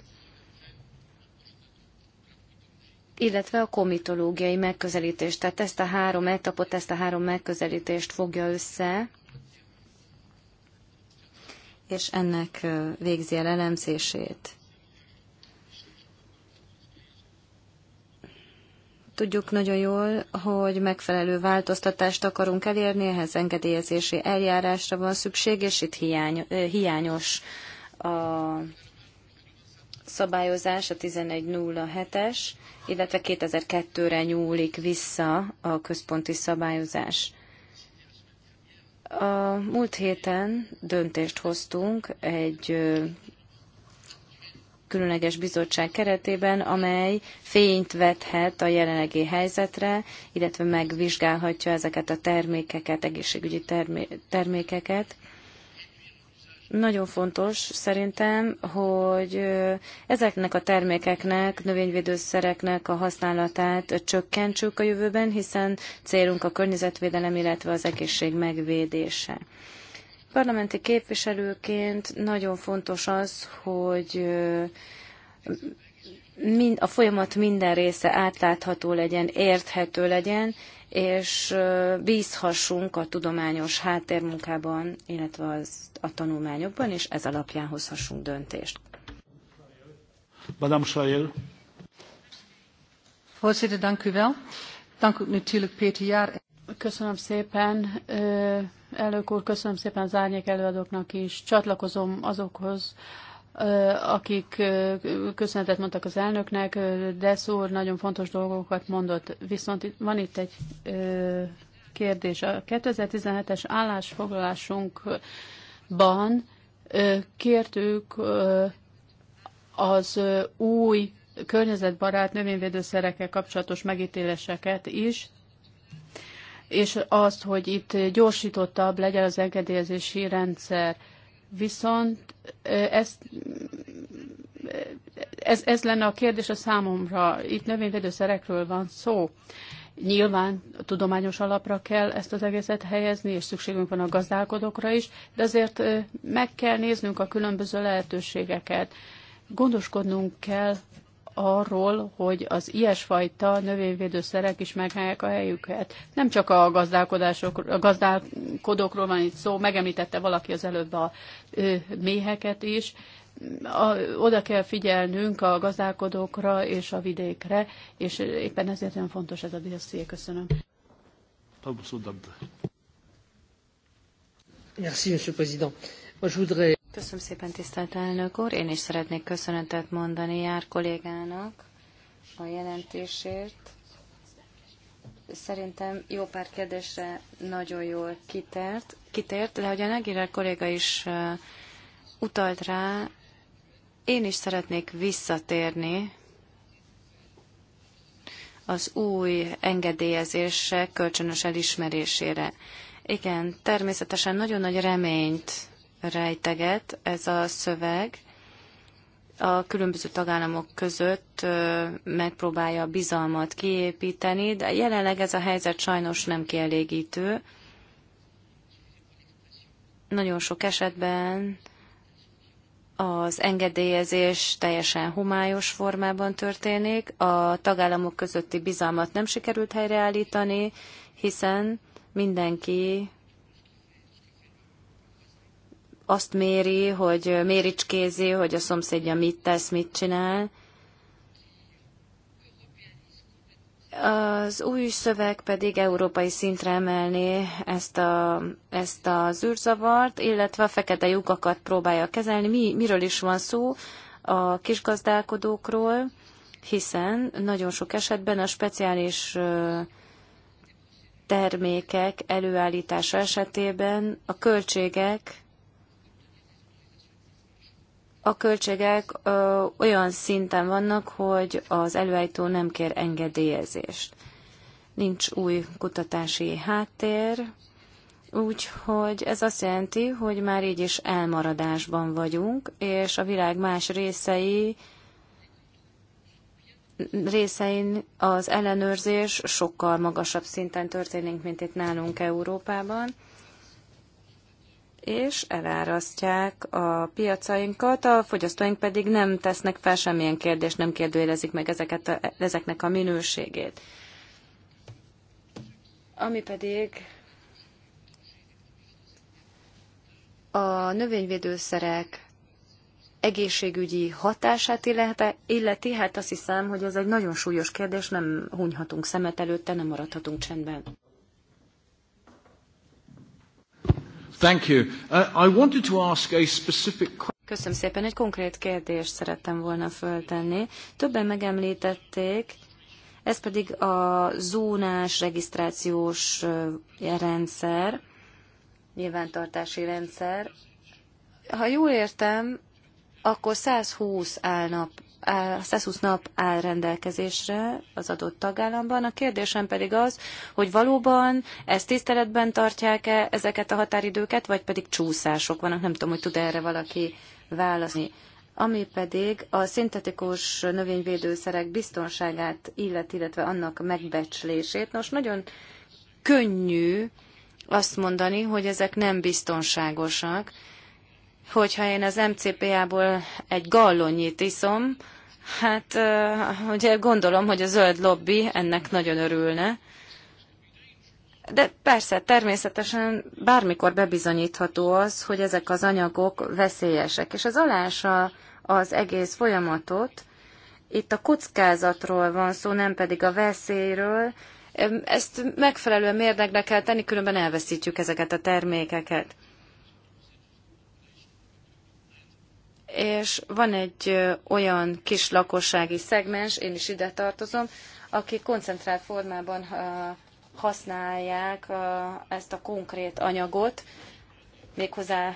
illetve a komitológiai megközelítés. Tehát ezt a három etapot, ezt a három megközelítést fogja össze, és ennek végzi el elemzését. Tudjuk nagyon jól, hogy megfelelő változtatást akarunk elérni, ehhez engedélyezési eljárásra van szükség, és itt hiány, hiányos a szabályozás, a 1107-es, illetve 2002-re nyúlik vissza a központi szabályozás. A múlt héten döntést hoztunk egy különleges bizottság keretében, amely fényt vethet a jelenlegi helyzetre, illetve megvizsgálhatja ezeket a termékeket, egészségügyi termé- termékeket. Nagyon fontos szerintem, hogy ezeknek a termékeknek, növényvédőszereknek a használatát csökkentsük a jövőben, hiszen célunk a környezetvédelem, illetve az egészség megvédése. Parlamenti képviselőként nagyon fontos az, hogy a folyamat minden része átlátható legyen, érthető legyen, és bízhassunk a tudományos háttérmunkában, illetve az, a tanulmányokban, és ez alapján hozhassunk döntést. Madame Schreier. Voorzitter, dank u wel. Dank u natuurlijk Peter Jaar. Köszönöm szépen, elnök úr, köszönöm szépen az árnyék előadóknak is. Csatlakozom azokhoz, akik köszönetet mondtak az elnöknek, de szór nagyon fontos dolgokat mondott. Viszont itt van itt egy kérdés. A 2017-es állásfoglalásunkban kértük az új környezetbarát növényvédőszerekkel kapcsolatos megítéléseket is, és azt, hogy itt gyorsítottabb legyen az engedélyezési rendszer. Viszont ez, ez, ez lenne a kérdés a számomra. Itt növényvédőszerekről van szó. Nyilván tudományos alapra kell ezt az egészet helyezni, és szükségünk van a gazdálkodókra is, de azért meg kell néznünk a különböző lehetőségeket. Gondoskodnunk kell arról, hogy az ilyesfajta növényvédőszerek is megállják a helyüket. Nem csak a, a gazdálkodókról van itt szó, megemlítette valaki az előbb a ö, méheket is. A, oda kell figyelnünk a gazdálkodókra és a vidékre, és éppen ezért nagyon fontos ez a dosszié. Köszönöm. Merci, Monsieur le Président. Moi, je voudrais... Köszönöm szépen, tisztelt elnök úr. Én is szeretnék köszönetet mondani Jár kollégának a jelentésért. Szerintem jó pár kérdésre nagyon jól kitért, kitért de ahogy a Negirel kolléga is utalt rá, én is szeretnék visszatérni az új engedélyezések kölcsönös elismerésére. Igen, természetesen nagyon nagy reményt rejteget ez a szöveg. A különböző tagállamok között megpróbálja a bizalmat kiépíteni, de jelenleg ez a helyzet sajnos nem kielégítő. Nagyon sok esetben az engedélyezés teljesen homályos formában történik, a tagállamok közötti bizalmat nem sikerült helyreállítani, hiszen mindenki azt méri, hogy méricskézi, hogy a szomszédja mit tesz, mit csinál. Az új szöveg pedig európai szintre emelné ezt, a, ezt az űrzavart, illetve a fekete lyukakat próbálja kezelni. Mi, miről is van szó? A kisgazdálkodókról, hiszen nagyon sok esetben a speciális termékek előállítása esetében a költségek a költségek ö, olyan szinten vannak, hogy az előállító nem kér engedélyezést. Nincs új kutatási háttér, úgyhogy ez azt jelenti, hogy már így is elmaradásban vagyunk, és a világ más részei részein az ellenőrzés sokkal magasabb szinten történik, mint itt nálunk Európában és elárasztják a piacainkat, a fogyasztóink pedig nem tesznek fel semmilyen kérdést, nem kérdőjelezik meg ezeket a, ezeknek a minőségét. Ami pedig a növényvédőszerek egészségügyi hatását illeti, hát azt hiszem, hogy ez egy nagyon súlyos kérdés, nem hunyhatunk szemet előtte, nem maradhatunk csendben. Thank you. Uh, I wanted to ask a specific Köszönöm szépen. Egy konkrét kérdést szerettem volna föltenni. Többen megemlítették, ez pedig a zónás regisztrációs rendszer, nyilvántartási rendszer. Ha jól értem, akkor 120 állnap 120 nap áll rendelkezésre az adott tagállamban. A kérdésem pedig az, hogy valóban ezt tiszteletben tartják-e ezeket a határidőket, vagy pedig csúszások vannak. Nem tudom, hogy tud -e erre valaki válaszni. Ami pedig a szintetikus növényvédőszerek biztonságát illet, illetve annak megbecslését. Nos, nagyon könnyű azt mondani, hogy ezek nem biztonságosak, hogyha én az MCPA-ból egy gallonnyit iszom, hát ugye gondolom, hogy a zöld lobby ennek nagyon örülne. De persze, természetesen bármikor bebizonyítható az, hogy ezek az anyagok veszélyesek, és az alása az egész folyamatot. Itt a kockázatról van szó, nem pedig a veszélyről. Ezt megfelelően mérnekre kell tenni, különben elveszítjük ezeket a termékeket. és van egy olyan kis lakossági szegmens, én is ide tartozom, aki koncentrált formában használják ezt a konkrét anyagot, méghozzá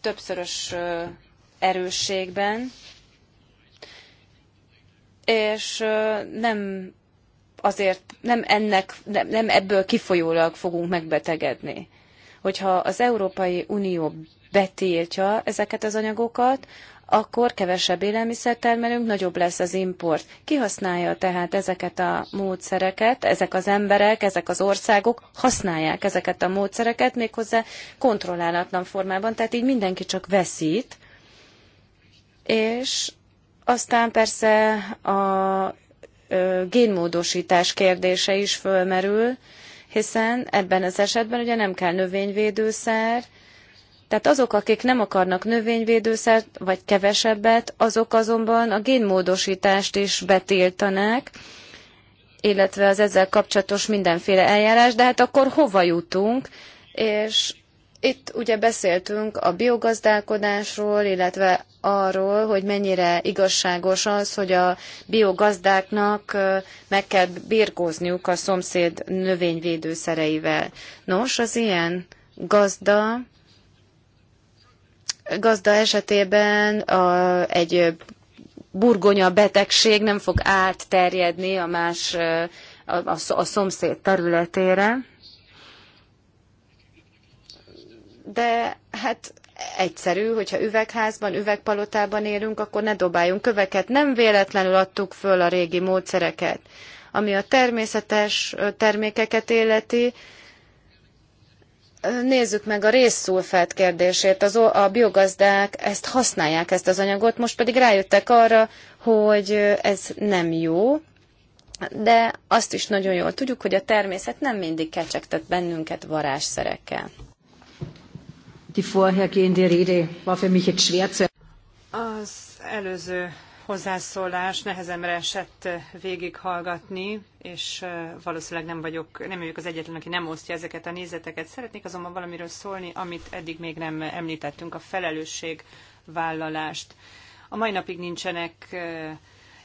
többszörös erősségben, és nem azért nem ennek, nem, nem ebből kifolyólag fogunk megbetegedni. Hogyha az Európai Unió betiltja ezeket az anyagokat, akkor kevesebb élelmiszer termelünk, nagyobb lesz az import. Ki használja tehát ezeket a módszereket, ezek az emberek, ezek az országok használják ezeket a módszereket, méghozzá kontrollálatlan formában, tehát így mindenki csak veszít, és aztán persze a génmódosítás kérdése is fölmerül, hiszen ebben az esetben ugye nem kell növényvédőszer, tehát azok, akik nem akarnak növényvédőszert, vagy kevesebbet, azok azonban a génmódosítást is betiltanák, illetve az ezzel kapcsolatos mindenféle eljárás, de hát akkor hova jutunk? És itt ugye beszéltünk a biogazdálkodásról, illetve arról, hogy mennyire igazságos az, hogy a biogazdáknak meg kell birkózniuk a szomszéd növényvédőszereivel. Nos, az ilyen gazda gazda esetében a, egy burgonya betegség nem fog átterjedni a más a, a, a szomszéd területére. De hát egyszerű, hogyha üvegházban, üvegpalotában élünk, akkor ne dobáljunk köveket. Nem véletlenül adtuk föl a régi módszereket. Ami a természetes termékeket életi, Nézzük meg a részszulfát kérdését. Az, a biogazdák ezt használják, ezt az anyagot, most pedig rájöttek arra, hogy ez nem jó, de azt is nagyon jól tudjuk, hogy a természet nem mindig kecsegtet bennünket varázsszerekkel. Die vorhergehende Rede war für mich jetzt schwer zu... Az előző hozzászólás, nehezemre esett végighallgatni, és valószínűleg nem vagyok, nem vagyok az egyetlen, aki nem osztja ezeket a nézeteket. Szeretnék azonban valamiről szólni, amit eddig még nem említettünk, a felelősségvállalást. A mai napig nincsenek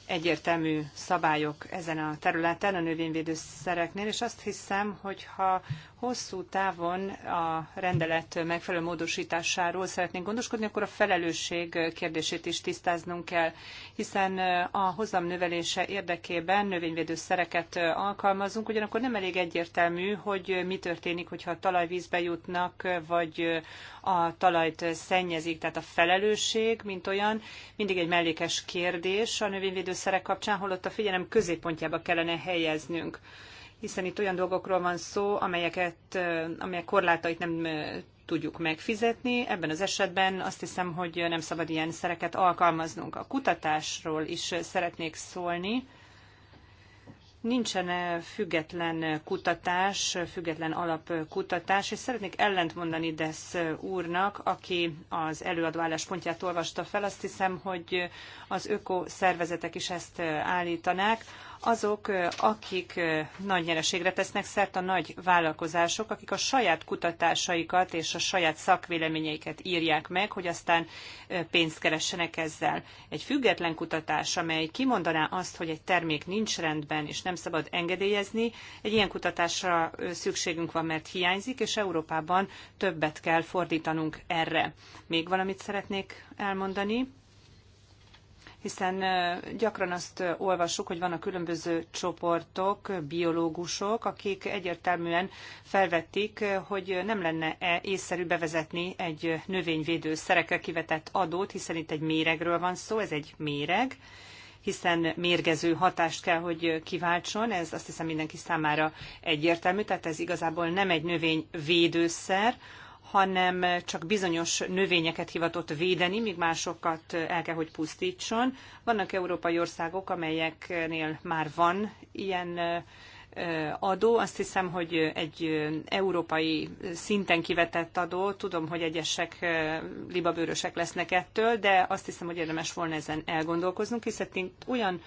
egyértelmű szabályok ezen a területen, a növényvédőszereknél, és azt hiszem, hogy ha hosszú távon a rendelet megfelelő módosításáról szeretnénk gondoskodni, akkor a felelősség kérdését is tisztáznunk kell, hiszen a hozam növelése érdekében növényvédőszereket alkalmazunk, ugyanakkor nem elég egyértelmű, hogy mi történik, hogyha a talajvízbe jutnak, vagy a talajt szennyezik, tehát a felelősség, mint olyan, mindig egy mellékes kérdés a növényvédőszereknél, élelmiszerek kapcsán, holott a figyelem középpontjába kellene helyeznünk hiszen itt olyan dolgokról van szó, amelyeket, amelyek korlátait nem tudjuk megfizetni. Ebben az esetben azt hiszem, hogy nem szabad ilyen szereket alkalmaznunk. A kutatásról is szeretnék szólni nincsen eh, független eh, kutatás, eh, független alapkutatás, és szeretnék ellentmondani Desz úrnak, aki az előadó álláspontját olvasta fel. Azt hiszem, hogy az öko szervezetek is ezt állítanák azok, akik nagy nyereségre tesznek szert, a nagy vállalkozások, akik a saját kutatásaikat és a saját szakvéleményeiket írják meg, hogy aztán pénzt keressenek ezzel. Egy független kutatás, amely kimondaná azt, hogy egy termék nincs rendben és nem szabad engedélyezni, egy ilyen kutatásra szükségünk van, mert hiányzik, és Európában többet kell fordítanunk erre. Még valamit szeretnék elmondani hiszen gyakran azt olvassuk, hogy vannak különböző csoportok, biológusok, akik egyértelműen felvették, hogy nem lenne-e észszerű bevezetni egy növényvédőszerekre kivetett adót, hiszen itt egy méregről van szó, ez egy méreg, hiszen mérgező hatást kell, hogy kiváltson, ez azt hiszem mindenki számára egyértelmű, tehát ez igazából nem egy növényvédőszer, hanem csak bizonyos növényeket hivatott védeni, míg másokat el kell, hogy pusztítson. Vannak európai országok, amelyeknél már van ilyen adó. Azt hiszem, hogy egy európai szinten kivetett adó, tudom, hogy egyesek libabőrösek lesznek ettől, de azt hiszem, hogy érdemes volna ezen elgondolkoznunk, hiszen olyan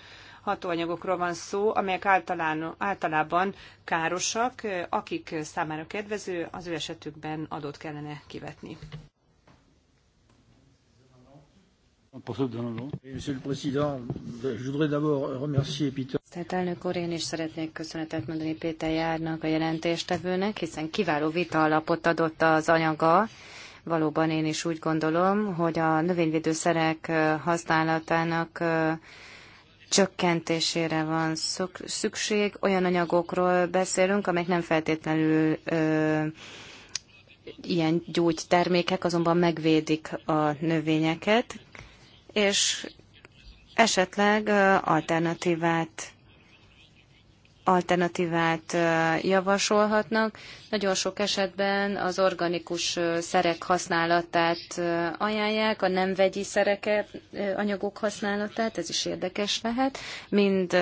hatóanyagokról van szó, amelyek általán, általában károsak, akik számára kedvező, az ő esetükben adót kellene kivetni. Monsieur le Président, Tehát elnök úr, én is szeretnék köszönetet mondani Péter Járnak, a jelentéstevőnek, hiszen kiváló vita alapot adott az anyaga. Valóban én is úgy gondolom, hogy a növényvédőszerek használatának csökkentésére van szükség. Olyan anyagokról beszélünk, amelyek nem feltétlenül ö, ilyen gyógytermékek, azonban megvédik a növényeket, és esetleg alternatívát alternatívát javasolhatnak. Nagyon sok esetben az organikus szerek használatát ajánlják, a nem vegyi szereket, anyagok használatát, ez is érdekes lehet, mind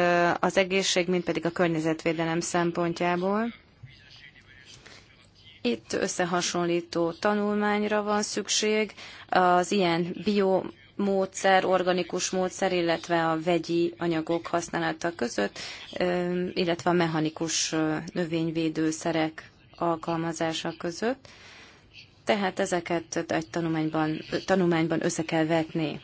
az egészség, mind pedig a környezetvédelem szempontjából. Itt összehasonlító tanulmányra van szükség, az ilyen bio módszer, organikus módszer, illetve a vegyi anyagok használata között, illetve a mechanikus növényvédőszerek alkalmazása között. Tehát ezeket egy tanulmányban, tanulmányban össze kell vetni.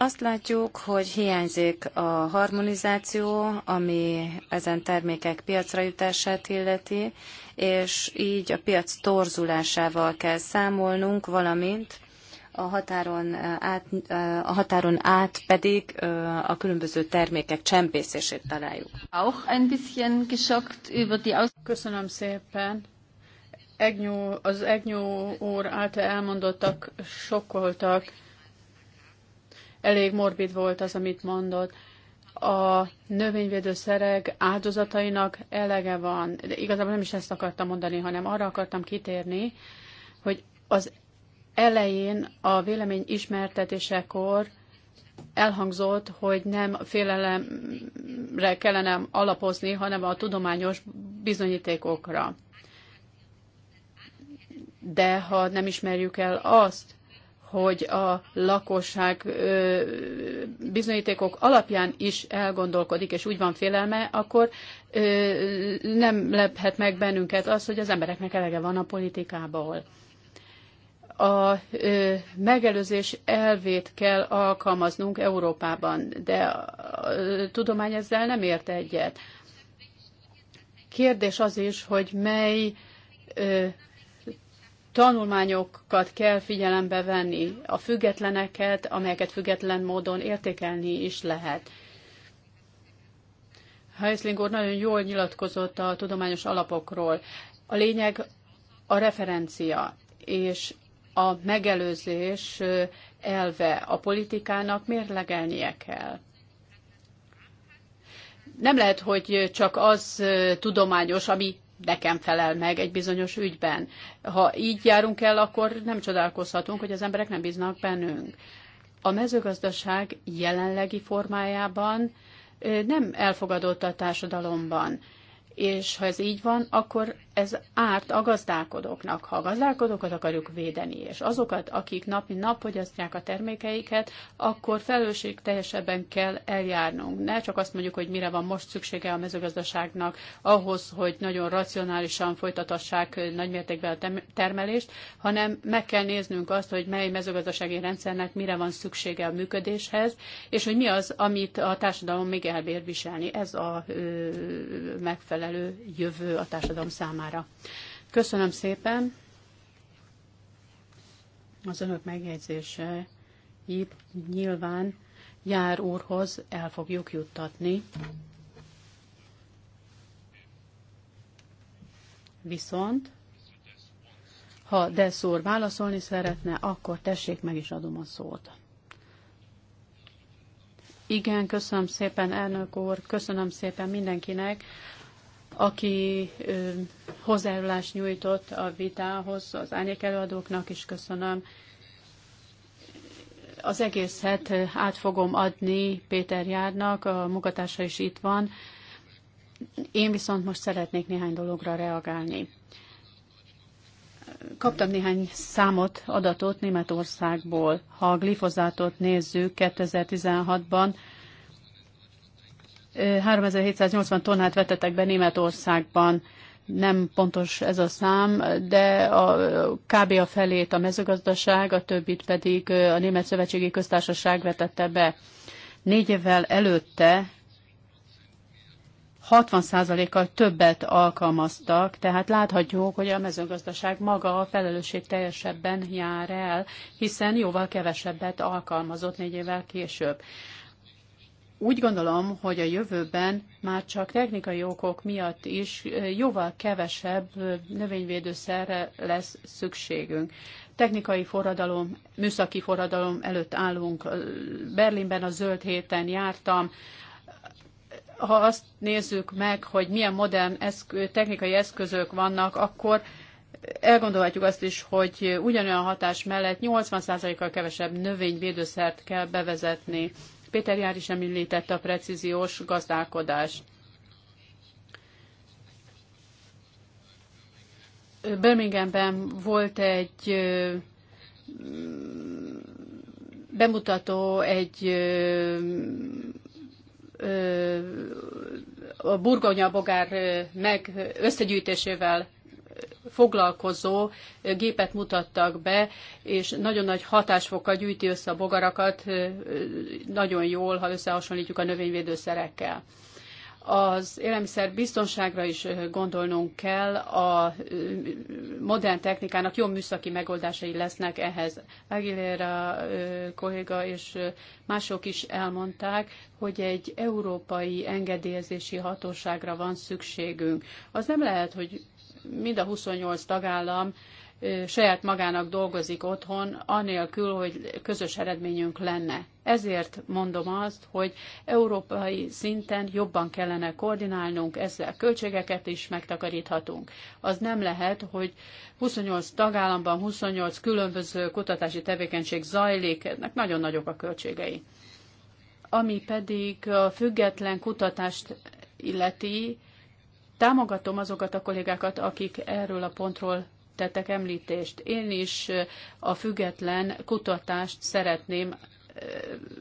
Azt látjuk, hogy hiányzik a harmonizáció, ami ezen termékek piacra jutását illeti, és így a piac torzulásával kell számolnunk, valamint a határon át, a határon át pedig a különböző termékek csempészését találjuk. Auch ein bisschen geschockt über die Aus Köszönöm szépen. Egnyó, az Egnyó úr által elmondottak sokkoltak. Elég morbid volt az, amit mondott. A növényvédőszerek áldozatainak elege van. De igazából nem is ezt akartam mondani, hanem arra akartam kitérni, hogy az elején a vélemény ismertetésekor elhangzott, hogy nem félelemre kellene alapozni, hanem a tudományos bizonyítékokra. De ha nem ismerjük el azt, hogy a lakosság bizonyítékok alapján is elgondolkodik, és úgy van félelme, akkor nem lephet meg bennünket az, hogy az embereknek elege van a politikából a megelőzés elvét kell alkalmaznunk Európában, de a tudomány ezzel nem ért egyet. Kérdés az is, hogy mely tanulmányokat kell figyelembe venni, a függetleneket, amelyeket független módon értékelni is lehet. Heisling úr nagyon jól nyilatkozott a tudományos alapokról. A lényeg a referencia, és a megelőzés elve a politikának mérlegelnie kell. Nem lehet, hogy csak az tudományos, ami nekem felel meg egy bizonyos ügyben. Ha így járunk el, akkor nem csodálkozhatunk, hogy az emberek nem bíznak bennünk. A mezőgazdaság jelenlegi formájában nem elfogadott a társadalomban. És ha ez így van, akkor ez árt a gazdálkodóknak. Ha a gazdálkodókat akarjuk védeni, és azokat, akik nap mint nap fogyasztják a termékeiket, akkor teljesebben kell eljárnunk. Ne csak azt mondjuk, hogy mire van most szüksége a mezőgazdaságnak ahhoz, hogy nagyon racionálisan folytatassák nagymértékben a termelést, hanem meg kell néznünk azt, hogy mely mezőgazdasági rendszernek mire van szüksége a működéshez, és hogy mi az, amit a társadalom még elbér viselni. Ez a ö, megfelelő jövő a társadalom számára számára. Köszönöm szépen az önök megjegyzése. Nyilván jár úrhoz el fogjuk juttatni. Viszont, ha Deszúr válaszolni szeretne, akkor tessék, meg is adom a szót. Igen, köszönöm szépen, elnök úr, köszönöm szépen mindenkinek, aki hozzájárulást nyújtott a vitához, az árnyék előadóknak is köszönöm. Az egészet át fogom adni Péter Járnak, a munkatársa is itt van. Én viszont most szeretnék néhány dologra reagálni. Kaptam néhány számot, adatot Németországból. Ha a glifozátot nézzük 2016-ban, 3780 tonnát vetettek be Németországban. Nem pontos ez a szám, de a, kb. a felét a mezőgazdaság, a többit pedig a Német Szövetségi Köztársaság vetette be. Négy évvel előtte 60%-kal többet alkalmaztak, tehát láthatjuk, hogy a mezőgazdaság maga a felelősség teljesebben jár el, hiszen jóval kevesebbet alkalmazott négy évvel később úgy gondolom, hogy a jövőben már csak technikai okok miatt is jóval kevesebb növényvédőszerre lesz szükségünk. Technikai forradalom, műszaki forradalom előtt állunk. Berlinben a zöld héten jártam. Ha azt nézzük meg, hogy milyen modern eszk- technikai eszközök vannak, akkor elgondolhatjuk azt is, hogy ugyanolyan hatás mellett 80%-kal kevesebb növényvédőszert kell bevezetni Péter Jár is említette a precíziós gazdálkodást. Birminghamben volt egy bemutató egy a burgonya bogár meg összegyűjtésével foglalkozó gépet mutattak be, és nagyon nagy hatásfokkal gyűjti össze a bogarakat, nagyon jól, ha összehasonlítjuk a növényvédőszerekkel. Az élelmiszer biztonságra is gondolnunk kell, a modern technikának jó műszaki megoldásai lesznek ehhez. Aguilera kolléga és mások is elmondták, hogy egy európai engedélyezési hatóságra van szükségünk. Az nem lehet, hogy mind a 28 tagállam saját magának dolgozik otthon, anélkül, hogy közös eredményünk lenne. Ezért mondom azt, hogy európai szinten jobban kellene koordinálnunk, ezzel költségeket is megtakaríthatunk. Az nem lehet, hogy 28 tagállamban 28 különböző kutatási tevékenység zajlik, ennek nagyon nagyok a költségei. Ami pedig a független kutatást illeti, Támogatom azokat a kollégákat, akik erről a pontról tettek említést. Én is eh, a független kutatást szeretném eh,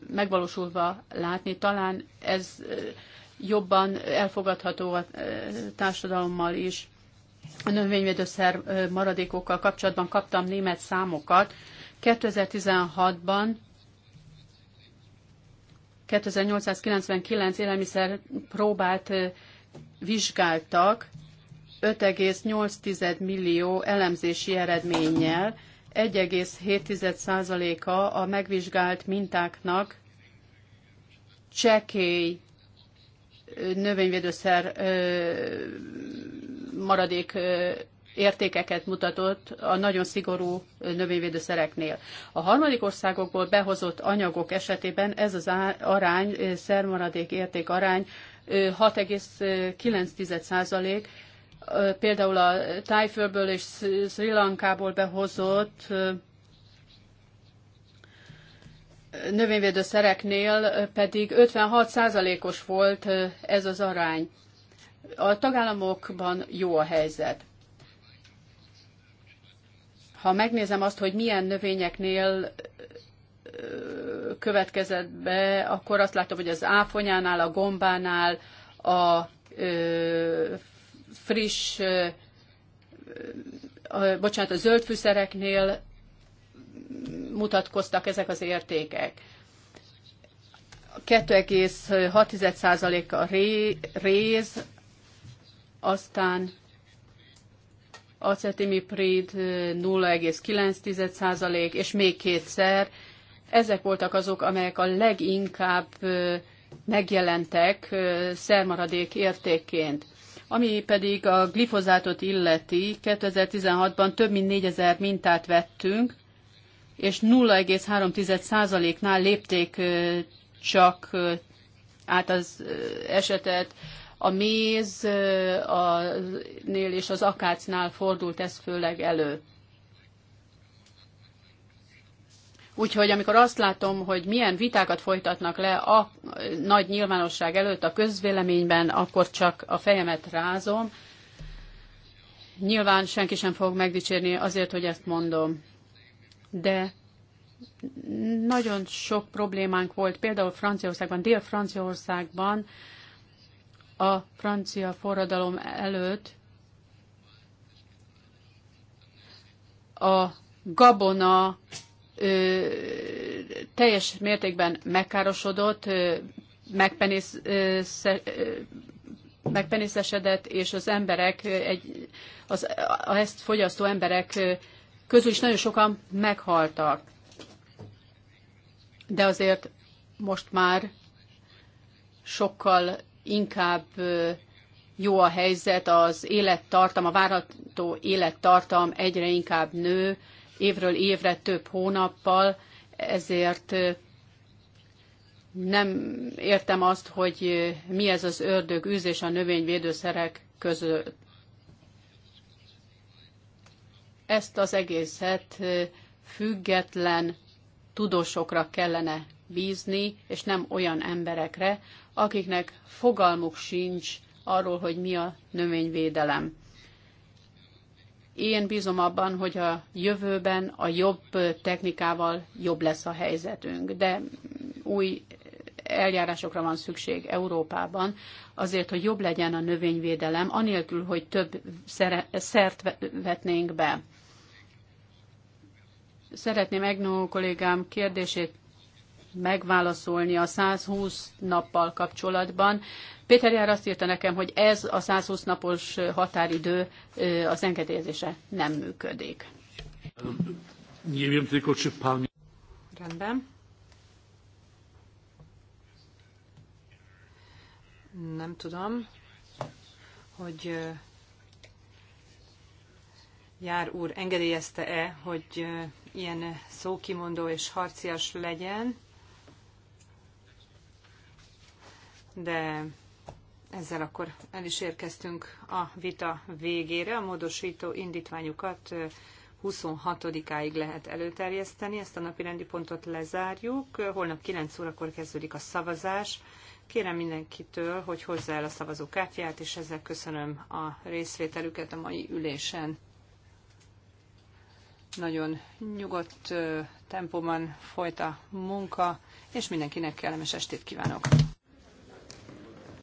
megvalósulva látni. Talán ez eh, jobban elfogadható a társadalommal is. A növényvédőszer maradékokkal kapcsolatban kaptam német számokat. 2016-ban 2899 élelmiszer próbált vizsgáltak 5,8 millió elemzési eredménnyel, 1,7%-a a megvizsgált mintáknak csekély növényvédőszer maradék értékeket mutatott a nagyon szigorú növényvédőszereknél. A harmadik országokból behozott anyagok esetében ez az arány, szermaradék érték arány 6,9% például a Tájfölből és Sri Lankából behozott növényvédőszereknél pedig 56%-os volt ez az arány. A tagállamokban jó a helyzet. Ha megnézem azt, hogy milyen növényeknél következett be, akkor azt látom, hogy az áfonyánál, a gombánál, a ö, friss, ö, a, bocsánat, a zöld fűszereknél mutatkoztak ezek az értékek. 2,6% a réz, aztán acetimiprid 0,9% és még kétszer ezek voltak azok, amelyek a leginkább megjelentek szermaradék értékként. Ami pedig a glifozátot illeti, 2016-ban több mint 4000 mintát vettünk, és 0,3%-nál lépték csak át az esetet. A méznél és az akácnál fordult ez főleg elő. Úgyhogy amikor azt látom, hogy milyen vitákat folytatnak le a nagy nyilvánosság előtt a közvéleményben, akkor csak a fejemet rázom. Nyilván senki sem fog megdicsérni azért, hogy ezt mondom. De nagyon sok problémánk volt, például Franciaországban, Dél-Franciaországban a francia forradalom előtt a gabona teljes mértékben megkárosodott, megpenész, megpenészesedett, és az emberek, egy, az, ezt fogyasztó emberek közül is nagyon sokan meghaltak. De azért most már sokkal inkább jó a helyzet, az élettartam, a várható élettartam egyre inkább nő, évről évre több hónappal, ezért nem értem azt, hogy mi ez az ördög űz és a növényvédőszerek között. Ezt az egészet független tudósokra kellene bízni, és nem olyan emberekre, akiknek fogalmuk sincs arról, hogy mi a növényvédelem. Én bízom abban, hogy a jövőben a jobb technikával jobb lesz a helyzetünk, de új eljárásokra van szükség Európában, azért, hogy jobb legyen a növényvédelem, anélkül, hogy több szert vetnénk be. Szeretném Egnó kollégám kérdését megválaszolni a 120 nappal kapcsolatban. Péter Jár azt írta nekem, hogy ez a 120 napos határidő az engedélyezése nem működik. Rendben. Nem tudom, hogy Jár úr engedélyezte-e, hogy ilyen szókimondó és harcias legyen, de ezzel akkor el is érkeztünk a vita végére. A módosító indítványukat 26-áig lehet előterjeszteni. Ezt a napi rendi pontot lezárjuk. Holnap 9 órakor kezdődik a szavazás. Kérem mindenkitől, hogy hozzá el a szavazókártyát, és ezzel köszönöm a részvételüket a mai ülésen. Nagyon nyugodt tempóban folyt a munka, és mindenkinek kellemes estét kívánok!